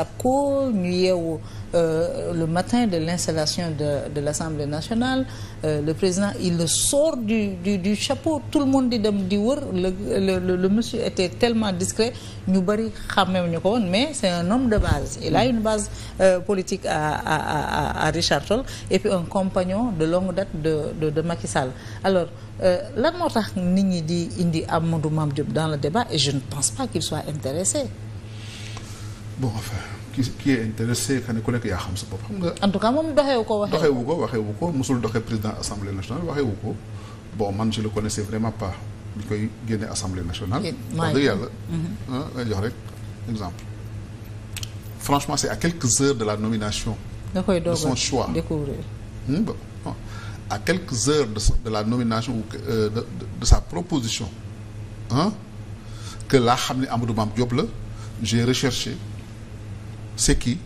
Cap Cool ñu yeewu euh, le matin de l'installation de de l'Assemblée nationale euh, le président il le sort du du du chapeau tout le monde di dem di war le le monsieur était tellement discret ñu bari xàmmew ñu ko woon mais c'est un homme de base il a une base euh, politique à à à à Richard Toll et puis un compagnon de longue date de de de Macky Sall alors lan moo tax nit ñi di indi Amadou Mame Diop dans le débat et je ne pense pas qu'il soit intéressé bon enfin qui qui est intéressé xane ku nekk yaa xam sa bopp xam nga. en tout cas moom doxewu ko waxee. doxewu ko waxewu ko mosul doxee président assemblée nationale waxewu ko bon man je le connaissais vraiment pas bi koy génne assemblée nationale. wax mm-hmm. ah, jox rek exemple. franchement c'est à quelques heures de la nomination. da koy doog hmm, de de, la nomination ou euh, sa proposition ah laa xam ne Amadou Mame Diop la j'ai recherché. c'est qui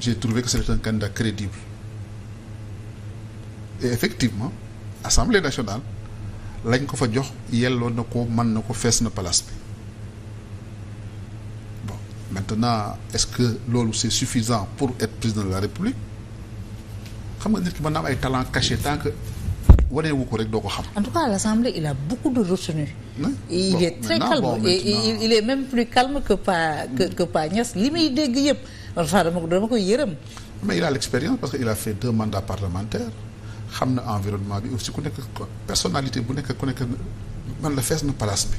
j'ai trouvé que c'était un candidat crédible et effectivement assemblée nationale lañ ko fa jox yelloo na ko mën na ko fees na place bi bon maintenant est-ce que loolu c'est suffisant pour être président de la république xam nga nit ki mën naa am ay talent caché tant que waneewu ko rek doo ko xam. en tout cas l'Assemblée il a beaucoup de retenue. il est très calme il, est même plus calme que Pa que que Pa li muy dégg yëpp man faa dama dama koy yërëm. mais il a l'expérience parce que il a fait deux mandats parlementaires xam na environnement bi aussi ku nekk personnalité bu nekk ku nekk man la fees na place bi.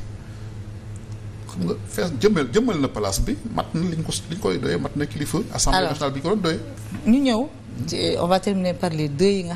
xam nga fees jëmmal jëmmal na place bi mat na liñ ko liñ koy doyee mat na kilifa. assemblée nationale bi ñu ko doon ñu